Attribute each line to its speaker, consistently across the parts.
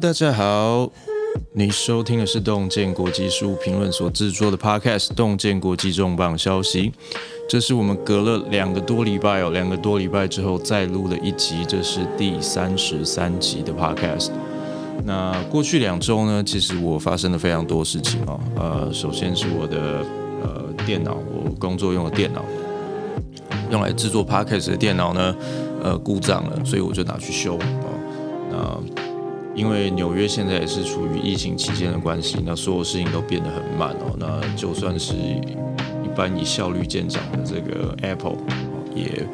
Speaker 1: 大家好，你收聽的是洞見國際事務評論所製作的 Podcast《洞見國際重磅消息》。這是我們隔了兩個多禮拜哦，兩個多禮拜之後再錄了一集，這是第三十三集的 Podcast。那過去兩週呢，其實我發生了非常多事情哦。呃，首先是我的呃電腦，我工作用的電腦，用來製作 Podcast 的電腦呢，呃，故障了，所以我就拿去修哦。那、呃因為紐約現在也是處於疫情期間的關係，那所有事情都變得很慢哦。那就算是一般以效率見長的這個 Apple，也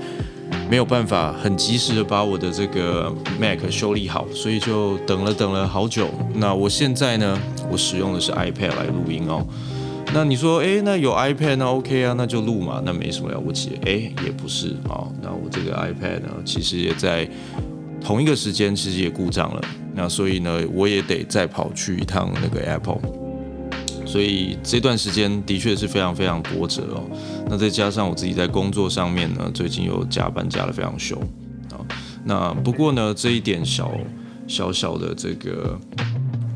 Speaker 1: 沒有辦法很及時的把我的這個 Mac 修理好，所以就等了等了好久。那我現在呢，我使用的是 iPad 來錄音哦。那你說，誒，那有 iPad 啊？OK 啊，那就錄嘛，那沒什麼了不起。誒。也不是啊，哦。那我這個 iPad 呢，其實也在。同一個時間其實也故障了，那所以呢，我也得再跑去一趟那個 Apple，所以這段時間的確是非常非常波折哦。那再加上我自己在工作上面呢，最近又加班加得非常兇啊。那不過呢，這一點小小小的這個。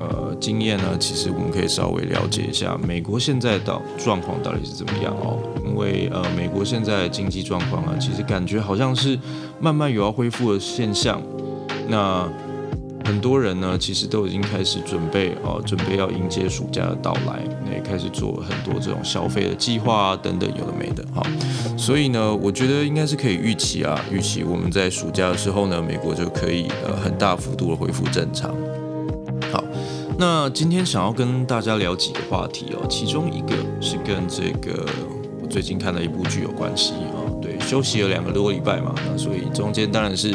Speaker 1: 呃，經驗呢，其實我們可以稍微了解一下美國現在的狀況到底是怎麼樣哦。因為呃，美國現在的經濟狀況啊，其實感覺好像是慢慢有要恢復的現象。那很多人呢，其實都已經開始準備哦，準備要迎接暑假的到來，那也開始做很多這種消費的計劃啊等等，有的沒的哈、哦。所以呢，我覺得應該是可以預期啊，預期我們在暑假的時候呢，美國就可以呃，很大幅度的恢復正常。那今天想要跟大家聊幾個話題哦，其中一個是跟這個我最近看的一部劇有關係哦。對，休息了兩個多禮拜嘛，那所以中間當然是，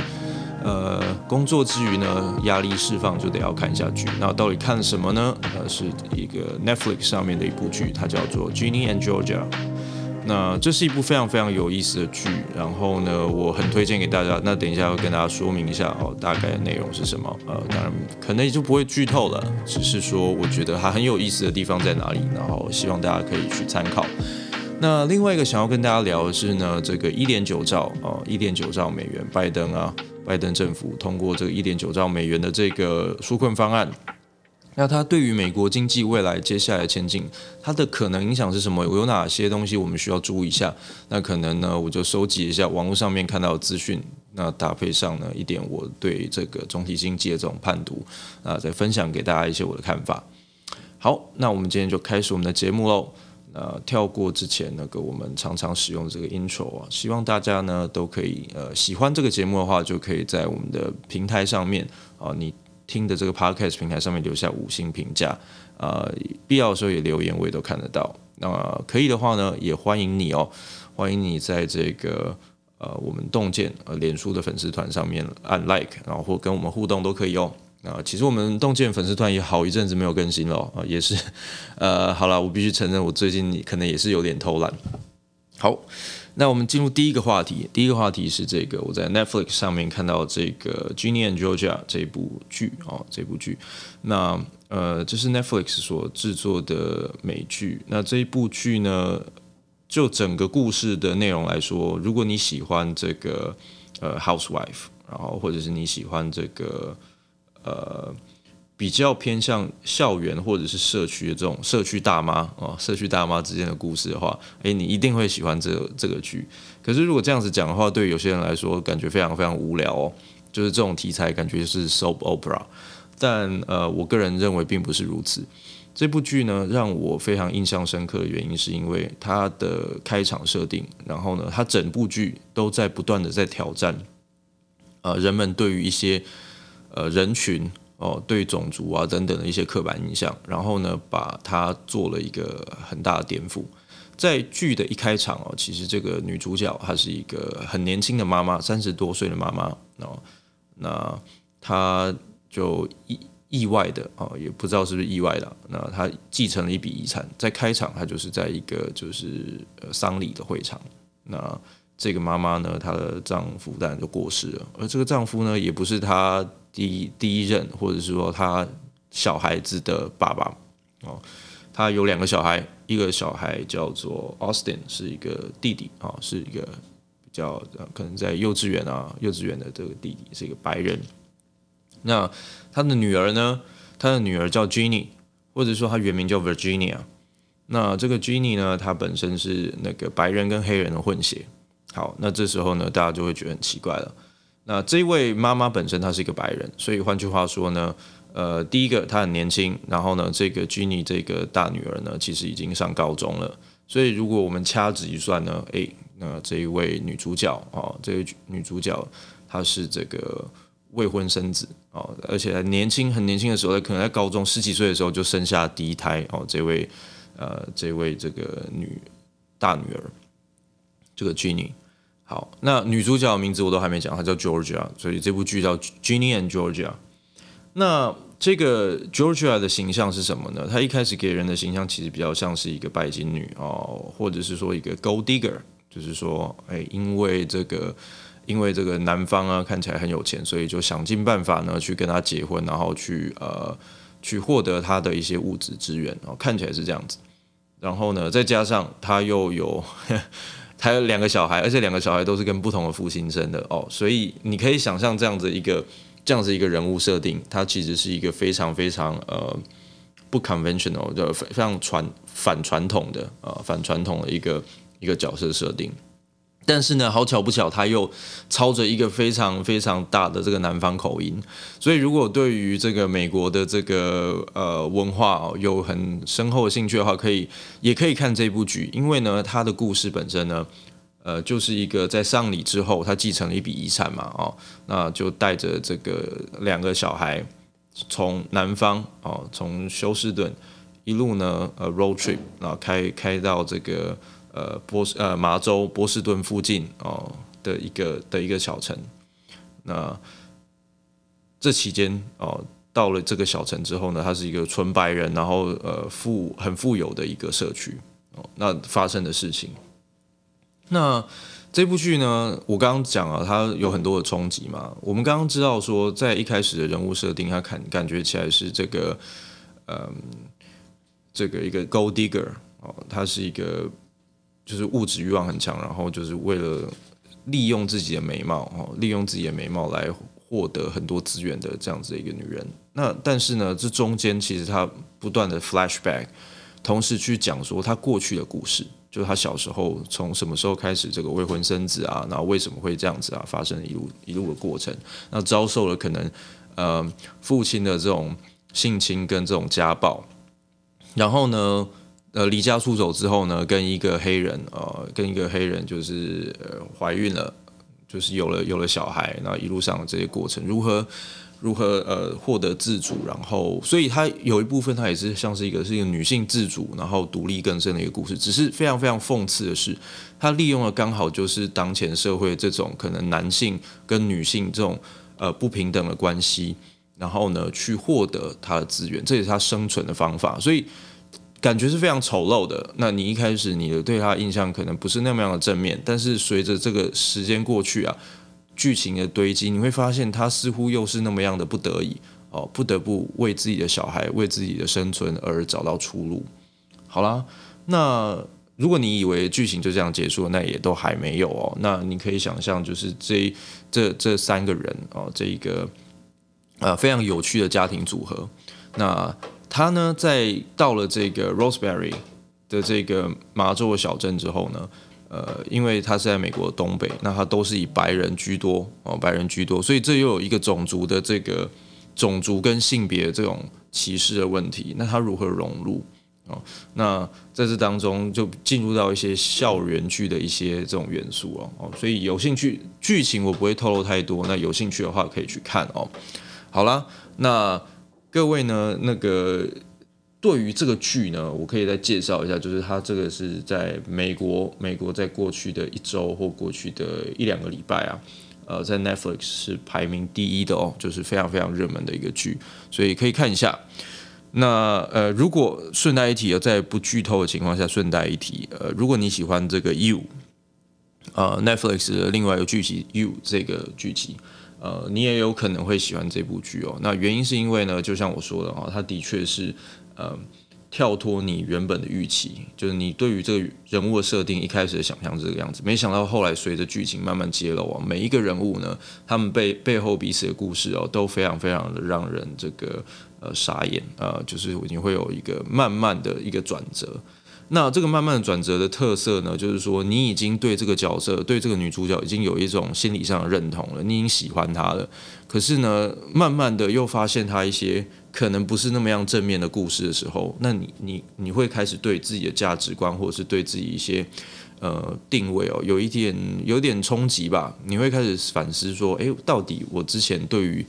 Speaker 1: 呃，工作之餘呢，壓力釋放就得要看一下劇。那到底看什麼呢？呃，是一個 Netflix 上面的一部劇，它叫做《Ginny and Georgia》。那這是一部非常非常有意思的劇，然後呢，我很推薦給大家。那等一下會跟大家說明一下哦，大概的內容是什麼？呃，當然可能也就不會劇透了，只是說我覺得它很有意思的地方在哪裡，然後希望大家可以去參考。那另外一個想要跟大家聊的是呢，這個一點九兆、呃、一點九兆美元，拜登啊，拜登政府通過這個一點九兆美元的這個紓困方案。那它對於美國經濟未來接下來的前景，它的可能影響是什麼？有哪些東西我們需要注意一下？那可能呢，我就收集一下網絡上面看到的資訊，那搭配上呢一點我對這個總體經濟的這種判讀，啊，再分享給大家一些我的看法。好，那我們今天就開始我們的節目嘍。那、呃、跳過之前那個我們常常使用這個 intro 啊，希望大家呢都可以呃喜歡這個節目的話，就可以在我們的平台上面啊、呃、你。聽的這個 Podcast 平台上面留下五星評價，呃，必要的時候也留言，我也都看得到。那、呃、可以的話呢，也歡迎你哦，歡迎你在這個呃我們洞見呃臉書的粉絲團上面按 like，然後或跟我們互動都可以哦。那、呃、其實我們洞見粉絲團也好一陣子沒有更新了啊、哦呃，也是呃，好了，我必須承認，我最近可能也是有點偷懶。好。那我們進入第一個話題，第一個話題是這個我在 Netflix 上面看到這個《Ginny and Georgia》這部劇啊、哦，這部劇，那呃這是 Netflix 所製作的美劇。那這一部劇呢，就整個故事的內容來說，如果你喜歡這個呃 Housewife，然後或者是你喜歡這個呃。比較偏向校園或者是社區的這種社區大媽啊、哦，社區大媽之間的故事的話，誒、欸，你一定會喜歡這這個劇。可是如果這樣子講的話，對有些人來說感覺非常非常無聊，哦。就是這種題材感覺就是 soap opera 但，但呃，我個人認為並不是如此。這部劇呢，讓我非常印象深刻的原因，是因為它的開場設定，然後呢，它整部劇都在不斷的在挑戰，呃，人們對於一些呃人群。哦，對種族啊等等的一些刻板印象，然後呢，把它做了一個很大的顛覆。在劇的一開場哦，其實這個女主角她是一個很年輕的媽媽，三十多歲的媽媽哦，那她就意意外的哦，也不知道是不是意外了。那她繼承了一筆遺產，在開場她就是在一個就是呃喪禮的會場那。這個媽媽呢，她的丈夫當然就過世了，而這個丈夫呢，也不是她第一第一任，或者是說她小孩子的爸爸哦。她有兩個小孩，一個小孩叫做 Austin，是一個弟弟哦，是一個比較可能在幼稚園啊幼稚園的這個弟弟是一個白人。那她的女兒呢，她的女兒叫 Ginny，或者說她原名叫 Virginia。那這個 Ginny 呢，她本身是那個白人跟黑人的混血。好，那這時候呢，大家就會覺得很奇怪了。那這一位媽媽本身她是一個白人，所以換句話說呢，呃，第一個她很年輕，然後呢，這個 Ginny 這個大女兒呢，其實已經上高中了。所以如果我們掐指一算呢，哎、欸，那這一位女主角哦，這位女主角她是這個未婚生子哦，而且年輕很年輕的時候，可能在高中十幾歲的時候就生下第一胎哦，這位呃，這位這個女大女兒，這個 Ginny。好，那女主角的名字我都還沒講，她叫 Georgia，所以這部劇叫《Ginny and Georgia》。那這個 Georgia 的形象是什麼呢？她一開始給人的形象其實比較像是一個拜金女哦，或者是說一個 Gold Digger，就是說，哎、欸，因為這個，因為這個男方啊看起來很有錢，所以就想盡辦法呢去跟他結婚，然後去呃去獲得他的一些物質資源哦，看起來是這樣子。然後呢，再加上她又有。呵呵還有兩個小孩，而且兩個小孩都是跟不同的父親生的哦，所以你可以想象這樣子一個這樣子一個人物設定，它其實是一個非常非常呃不 conventional 的非常傳反傳統的呃反傳統的一個一個角色設定。但是呢，好巧不巧，他又操着一個非常非常大的這個南方口音，所以如果對於這個美國的這個呃文化哦、喔、有很深厚的興趣的話，可以也可以看這部劇，因為呢，他的故事本身呢，呃，就是一個在喪禮之後，他繼承了一筆遺產嘛，哦、喔，那就帶着這個兩個小孩從南方哦，從、喔、休斯頓一路呢呃 road trip 啊，開開到這個。呃，波士呃，麻州波士頓附近哦的一個的一個小城，那這期間哦，到了這個小城之後呢，他是一個純白人，然後呃，富很富有的一個社區哦。那發生的事情，那這部劇呢，我剛剛講啊，它有很多的衝擊嘛。我們剛剛知道說，在一開始的人物設定，他感感覺起來是這個，嗯、呃，這個一個 gold digger 哦，他是一個。就是物質欲望很強，然後就是為了利用自己的美貌，哦，利用自己的美貌來獲得很多資源的這樣子的一個女人。那但是呢，這中間其實她不斷的 flashback，同時去講說她過去的故事，就是她小時候從什麼時候開始這個未婚生子啊，那為什麼會這樣子啊，發生一路一路的過程，那遭受了可能呃父親的這種性侵跟這種家暴，然後呢？呃，離家出走之後呢，跟一個黑人，呃，跟一個黑人就是呃、懷孕了，就是有了有了小孩，那一路上的這些過程如何如何呃獲得自主，然後所以它有一部分它也是像是一個是一個女性自主然後獨立更生的一個故事，只是非常非常諷刺的是，它利用了剛好就是當前社會這種可能男性跟女性這種呃不平等的關係，然後呢去獲得他的資源，這也是他生存的方法，所以。感覺是非常醜陋的。那你一開始你的對他印象可能不是那麼樣的正面，但是隨着這個時間過去啊，劇情的堆積，你會發現他似乎又是那麼樣的不得已哦，不得不為自己的小孩、為自己的生存而找到出路。好啦，那如果你以為劇情就這樣結束了，那也都還沒有哦。那你可以想象，就是這這這三個人哦，這一個呃非常有趣的家庭組合。那他呢，在到了這個 Roseberry 的這個麻州的小鎮之後呢，呃，因為他是在美國的東北，那他都是以白人居多哦，白人居多，所以這又有一個種族的這個種族跟性別這種歧視的問題，那他如何融入哦，那在這當中就進入到一些校園劇的一些這種元素哦哦，所以有興趣劇情我不會透露太多，那有興趣的話可以去看哦。好啦，那。各位呢，那個對於這個劇呢，我可以再介紹一下，就是它這個是在美國，美國在過去的一周或過去的一兩個禮拜啊，呃，在 Netflix 是排名第一的哦，就是非常非常熱門的一個劇，所以可以看一下。那呃，如果順帶一提，在不劇透的情況下，順帶一提，呃，如果你喜歡這個 You，呃，Netflix 的另外一個劇集 You 這個劇集。呃，你也有可能會喜歡這部劇哦。那原因是因為呢，就像我說的哦，它的確是呃跳脫你原本的預期，就是你對於這個人物的設定一開始的想象這個樣子，沒想到後來隨着劇情慢慢揭露啊、哦，每一個人物呢，他們背背後彼此的故事哦，都非常非常的讓人這個呃傻眼呃，就是已經會有一個慢慢的一個轉折。那這個慢慢的轉折的特色呢，就是說你已經對這個角色，對這個女主角已經有一種心理上的認同了，你已經喜歡她了。可是呢，慢慢的又發現她一些可能不是那麼樣正面的故事的時候，那你你你會開始對自己的價值觀或者是對自己一些呃定位哦，有一點有點衝擊吧？你會開始反思說，誒，到底我之前對於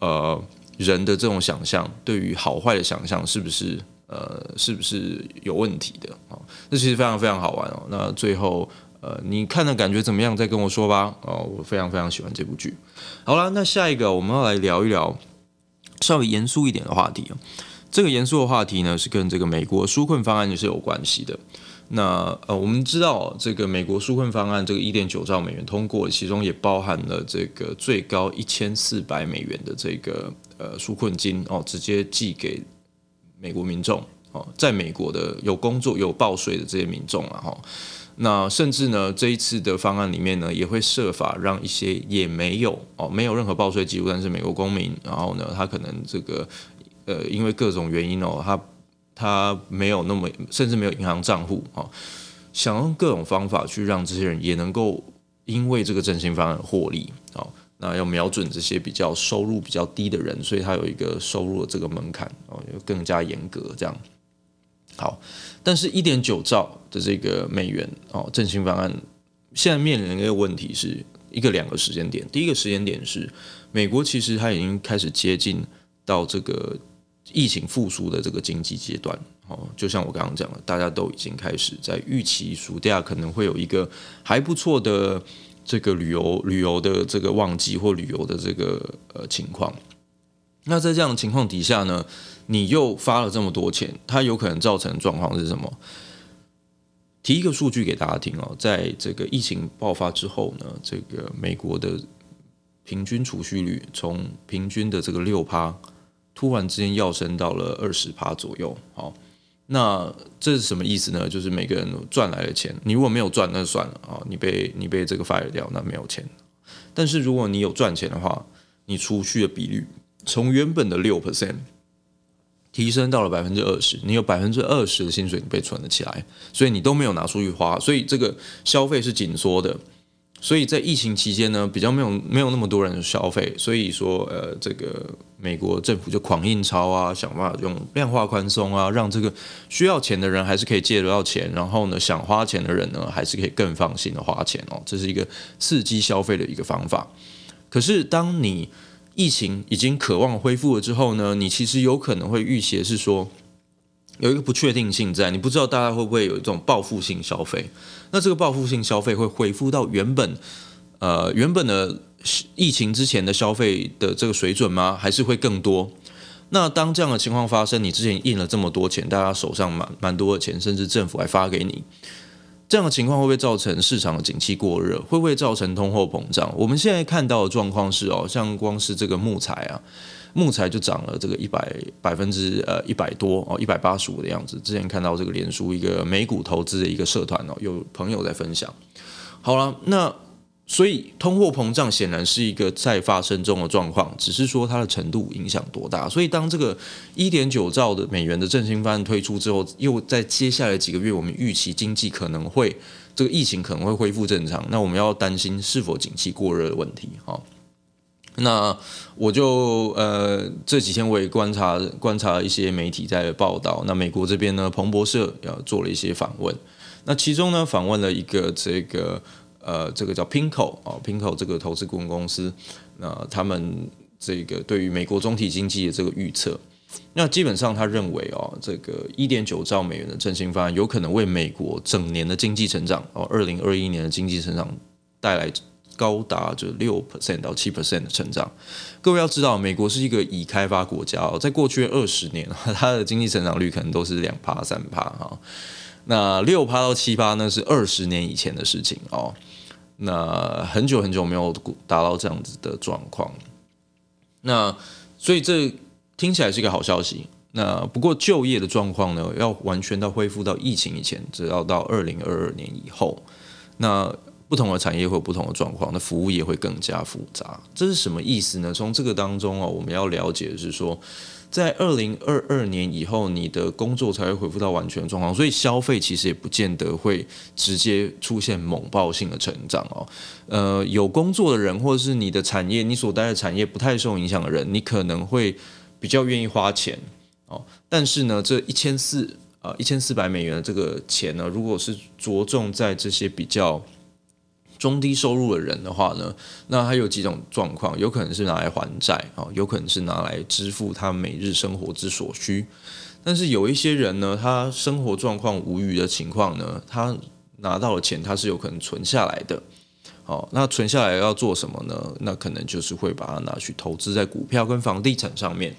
Speaker 1: 呃人的這種想象，對於好壞的想象是不是？呃，是不是有問題的啊？這、哦、其實非常非常好玩哦。那最後，呃，你看的感覺怎麼樣？再跟我說吧。哦，我非常非常喜歡這部劇。好了，那下一個我們要來聊一聊稍微嚴肅一點的話題、哦、這個嚴肅的話題呢，是跟這個美國紓困方案也是有關係的。那呃，我們知道這個美國紓困方案這個一點九兆美元通過，其中也包含了這個最高一千四百美元的這個呃紓困金哦，直接寄給。美國民眾哦，在美國的有工作有報稅的這些民眾啊，哈，那甚至呢，這一次的方案裡面呢，也會設法讓一些也沒有哦，沒有任何報稅記錄，但是美國公民，然後呢，他可能這個呃，因為各種原因哦，他他沒有那麼，甚至沒有銀行賬戶哈，想用各種方法去讓這些人也能夠因為這個振興方案獲利。啊，要瞄準這些比較收入比較低的人，所以他有一個收入的這個門檻哦，就更加嚴格這樣。好，但是一點九兆的這個美元哦，振興方案現在面臨一個問題是，一個兩個時間點。第一個時間點是，美國其實它已經開始接近到這個疫情復甦的這個經濟階段哦，就像我剛剛講的，大家都已經開始在預期暑假可能會有一個還不錯的。這個旅遊旅遊的這個旺季或旅遊的這個呃情況，那在這樣的情況底下呢，你又發了這麼多錢，它有可能造成的狀況是什麼？提一個數據給大家聽哦，在這個疫情爆發之後呢，這個美國的平均儲蓄率從平均的這個六趴，突然之間躍升到了二十趴左右，好、哦。那這是什麼意思呢？就是每個人賺來的錢，你如果沒有賺，那就算了啊，你被你被這個 fire 掉，那沒有錢。但是如果你有賺錢的話，你儲蓄的比率從原本的六 percent 提升到了百分之二十，你有百分之二十的薪水你被存了起來，所以你都沒有拿出去花，所以這個消費是緊縮的。所以在疫情期間呢，比較沒有沒有那麼多人的消費，所以說呃，這個美國政府就狂印鈔啊，想辦法用量化寬鬆啊，讓這個需要錢的人還是可以借得到錢，然後呢，想花錢的人呢，還是可以更放心的花錢哦，這是一個刺激消費的一個方法。可是當你疫情已經渴望恢復了之後呢，你其實有可能會預期，是說。有一個不確定性在，你不知道大家會不會有一種報復性消費。那這個報復性消費會恢復到原本呃原本的疫情之前的消費的這個水準嗎？還是會更多？那當這樣的情況發生，你之前印了這麼多錢，大家手上蠻蠻多的錢，甚至政府還發給你，這樣的情況會不會造成市場的景氣過熱？會不會造成通貨膨脹？我們現在看到的狀況是哦，像光是這個木材啊。木材就漲了這個一百百分之呃一百多哦一百八十五的樣子。之前看到這個臉書，一個美股投資的一個社團哦，有朋友在分享。好了，那所以通貨膨脹顯然是一個在發生中的狀況，只是說它的程度影響多大。所以當這個一點九兆的美元的振興方案推出之後，又在接下來幾個月，我們預期經濟可能會這個疫情可能會恢復正常，那我們要擔心是否景氣過熱的問題，哈。那我就呃，這幾天我也觀察觀察一些媒體在報道，那美國這邊呢，彭博社要做了一些訪問，那其中呢，訪問了一個這個呃這個叫 PINKO 啊，哦，PINKO 這個投資顧問公司，那他們這個對於美國總體經濟的這個預測，那基本上他認為哦，這個一點九兆美元的振興方案有可能為美國整年的經濟成長哦，二零二一年的經濟成長帶來。高達就六 percent 到七 percent 的成長，各位要知道，美國是一個已開發國家，在過去二十年，它的經濟成長率可能都是兩趴三趴哈。那六趴到七趴呢，是二十年以前的事情哦。那很久很久沒有達到這樣子的狀況。那所以這聽起來是一個好消息。那不過就業的狀況呢，要完全到恢復到疫情以前，只要到二零二二年以後，那。不同的產業會有不同的狀況，那服務業會更加複雜，這是什麼意思呢？從這個當中喔，我們要了解的是說，在二零二二年以後，你的工作才會恢復到完全狀況，所以消費其實也不見得會直接出現猛爆性的成長喔。呃，有工作的人，或者是你的產業，你所在的產業不太受影響的人，你可能會比較願意花錢喔。但是呢，這一千四啊，一千四百美元的這個錢呢，如果是着重在這些比較。中低收入的人的話呢，那他有幾種狀況，有可能是拿來還債啊，有可能是拿來支付他每日生活之所需。但是有一些人呢，他生活狀況無餘的情況呢，他拿到了錢，他是有可能存下來的。好，那存下來要做什麼呢？那可能就是會把它拿去投資在股票跟房地產上面。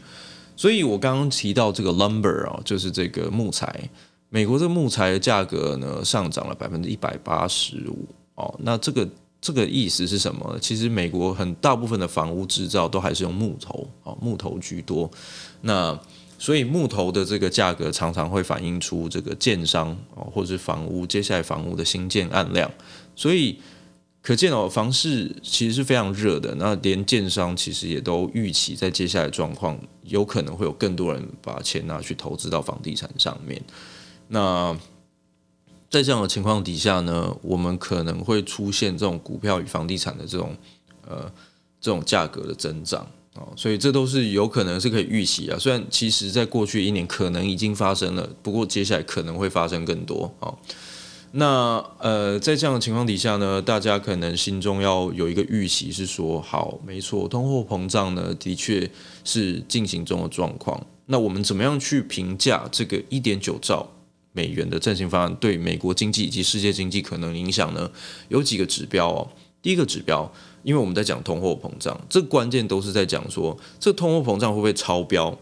Speaker 1: 所以我剛剛提到這個 lumber 啊，就是這個木材，美國這個木材的價格呢，上漲了百分之一百八十五。哦，那這個這個意思是什麼呢？其實美國很大部分的房屋製造都還是用木頭，哦，木頭居多。那所以木頭的這個價格常常會反映出這個建商啊、哦，或者是房屋，接下來房屋的新建案量。所以可見哦，房市其實是非常熱的。那連建商其實也都預期在接下來狀況有可能會有更多人把錢拿去投資到房地產上面。那在這樣的情況底下呢，我們可能會出現這種股票與房地產的這種，呃，這種價格的增長啊，哦，所以這都是有可能是可以預期啊。雖然其實在過去一年可能已經發生了，不過接下來可能會發生更多。好，哦，那呃，在這樣的情況底下呢，大家可能心中要有一個預期，是說好，沒錯，通貨膨脹呢的確是進行中的狀況。那我們怎麼樣去評價這個一點九兆？美元的振興方案對美國經濟以及世界經濟可能影響呢？有幾個指標哦。第一個指標，因為我們在講通貨膨脹，這個關鍵都是在講說，這個通貨膨脹會不會超標？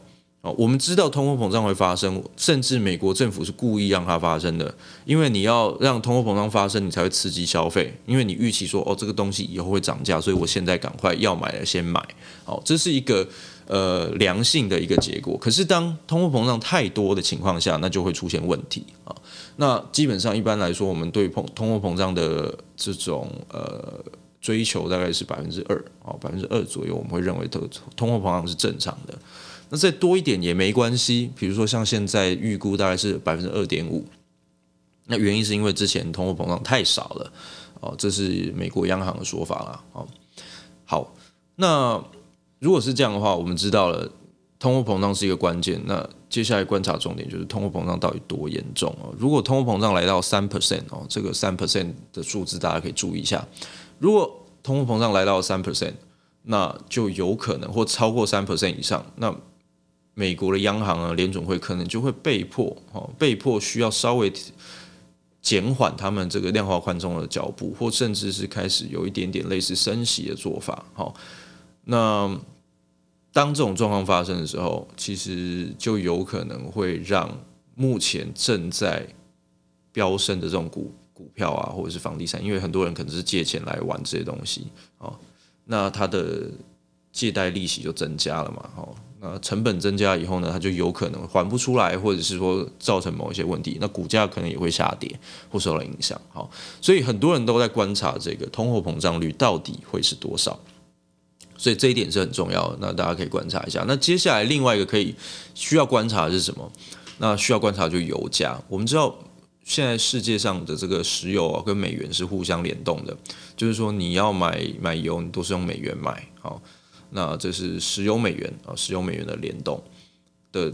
Speaker 1: 哦，我們知道通貨膨脹會發生，甚至美國政府是故意讓它發生的，因為你要讓通貨膨脹發生，你才會刺激消費，因為你預期說，哦，這個東西以後會漲價，所以我現在趕快要買了先買。哦，這是一個。呃，良性的一個結果。可是，當通貨膨脹太多的情況下，那就會出現問題啊，哦。那基本上一般來說，我們對通通貨膨脹的這種呃追求大概是百分之二啊，百分之二左右，我們會認為通貨膨脹是正常的。那再多一點也沒關係，比如說像現在預估大概是百分之二點五，那原因是因為之前通貨膨脹太少了哦，這是美國央行的說法啦。哦，好，那。如果是這樣的話，我們知道了，通貨膨脹是一個關鍵。那接下來觀察重點就是通貨膨脹到底多嚴重哦。如果通貨膨脹來到三 percent 哦，這個三 percent 的數字大家可以注意一下。如果通貨膨脹來到三 percent，那就有可能或超過三 percent 以上，那美國的央行啊，聯準會可能就會被迫哦，被迫需要稍微減緩他們這個量化寬鬆的腳步，或甚至是開始有一點點類似升息的做法。好、哦，那。當這種狀況發生的時候，其實就有可能會讓目前正在飆升的這種股股票啊，或者是房地產，因為很多人可能是借錢來玩這些東西，好，那它的借貸利息就增加了嘛，哈，那成本增加以後呢，它就有可能還不出來，或者是說造成某一些問題，那股價可能也會下跌或受到影響，好，所以很多人都在觀察這個通貨膨脹率到底會是多少？所以這一點是很重要的，那大家可以觀察一下。那接下來另外一個可以需要觀察的是什麼？那需要觀察就是油價。我們知道現在世界上的這個石油啊跟美元是互相聯動的，就是說你要買買油，你都是用美元買，好，那這是石油美元啊，石油美元的聯動的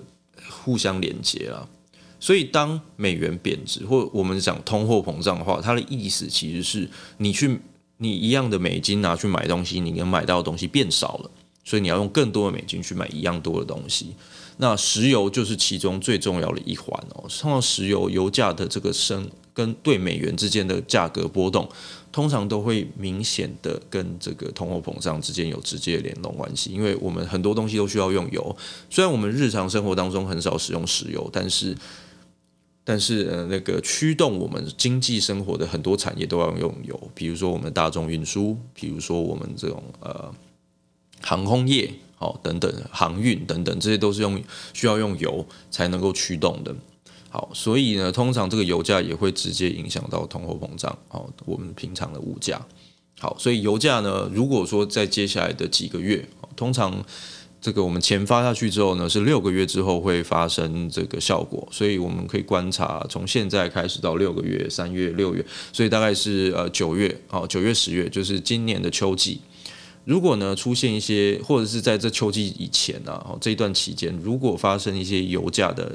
Speaker 1: 互相連接啊。所以當美元貶值，或我們講通貨膨脹的話，它的意思其實是你去。你一樣的美金拿去買東西，你能買到的東西變少了，所以你要用更多的美金去買一樣多的東西。那石油就是其中最重要的一環哦。通常石油，油價的這個升跟對美元之間的價格波動，通常都會明顯的跟這個通貨膨脹之間有直接的聯動關係，因為我們很多東西都需要用油。雖然我們日常生活當中很少使用石油，但是。但是呃，那個驅動我們經濟生活的很多產業都要用油，比如說我們大眾運輸，比如說我們這種呃航空業，好、哦、等等航運等等，這些都是用需要用油才能夠驅動的。好，所以呢，通常這個油價也會直接影響到通貨膨脹，好、哦、我們平常的物價。好，所以油價呢，如果說在接下來的幾個月，哦、通常。這個我們錢發下去之後呢，是六個月之後會發生這個效果，所以我們可以觀察從現在開始到六個月，三月、六月，所以大概是呃九月哦，九月、十月就是今年的秋季。如果呢出現一些，或者是在這秋季以前呢、啊，這一段期間如果發生一些油價的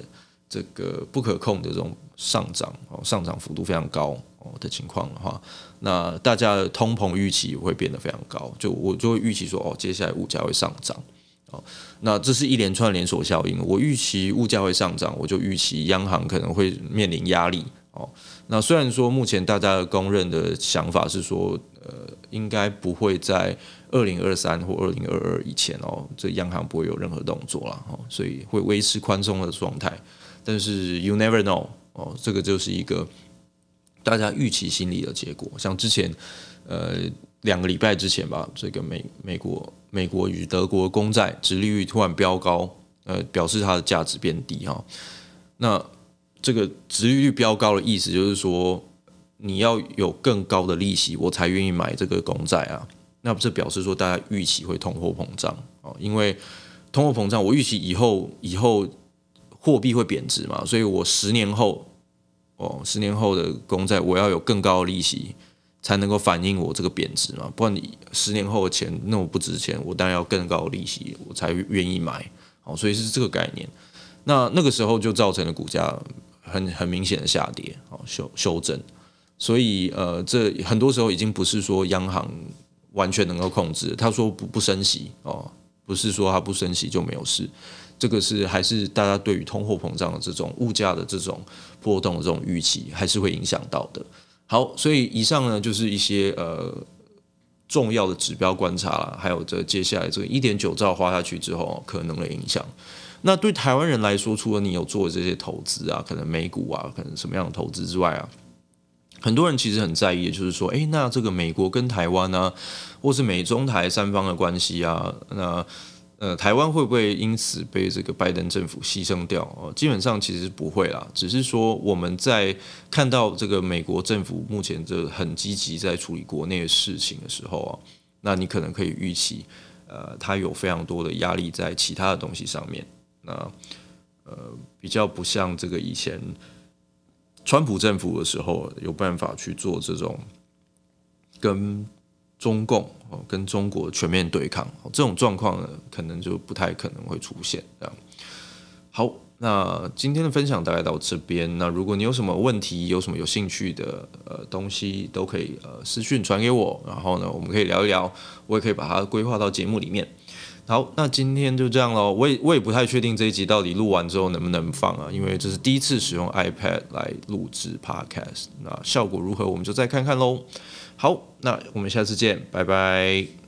Speaker 1: 這個不可控的這種上漲，上漲幅度非常高的情況的話，那大家的通膨預期也會變得非常高，就我就會預期說哦，接下來物價會上漲。那這是一連串連鎖效應。我預期物價會上漲，我就預期央行可能會面臨壓力。哦，那雖然說目前大家的公認的想法是說，呃，應該不會在二零二三或二零二二以前哦，這個央行不會有任何動作了，哦，所以會維持寬鬆的狀態。但是 you never know，哦，這個就是一個大家預期心理的結果。像之前，呃。兩個禮拜之前吧，這個美美國美國與德國公債殖利率突然飆高，呃，表示它的價值變低哈、哦。那這個殖利率飆高的意思就是說，你要有更高的利息，我才願意買這個公債啊。那不是表示說，大家預期會通貨膨脹哦，因為通貨膨脹，我預期以後以後貨幣會貶值嘛，所以我十年後哦，十年後的公債我要有更高的利息。才能夠反映我這個貶值嘛，不然你十年後的錢那麼不值錢，我當然要更高的利息，我才願意買。好，所以是這個概念。那那個時候就造成了股價很很明顯的下跌，好，修修正。所以呃，這很多時候已經不是說央行完全能夠控制。他說不不升息哦，不是說他不升息就沒有事，這個是還是大家對於通貨膨脹的這種物價的這種波動的這種預期，還是會影響到的。好，所以以上呢就是一些呃重要的指標觀察了，還有這接下來這個一點九兆花下去之後可能的影響。那對台灣人來說，除了你有做的這些投資啊，可能美股啊，可能什麼樣的投資之外啊，很多人其實很在意的，就是說，誒、欸，那這個美國跟台灣呢、啊，或是美中台三方的關係啊，那。呃，台灣會不會因此被這個拜登政府犧牲掉？哦，呃，基本上其實不會啦，只是說我們在看到這個美國政府目前就很積極在處理國內的事情的時候啊，那你可能可以預期，呃，他有非常多的壓力在其他的東西上面。那呃，比較不像這個以前川普政府的時候，有辦法去做這種跟。中共跟中國全面對抗，這種狀況呢，可能就不太可能會出現。這樣好，那今天的分享大概到這邊。那如果你有什麼問題，有什麼有興趣的呃東西，都可以呃私訊傳給我。然後呢，我們可以聊一聊，我也可以把它規劃到節目裡面。好，那今天就這樣嘍。我也我也不太確定這一集到底錄完之後能不能放啊，因為這是第一次使用 iPad 來錄製 Podcast，那效果如何，我們就再看看嘍。好，那我們下次見，拜拜。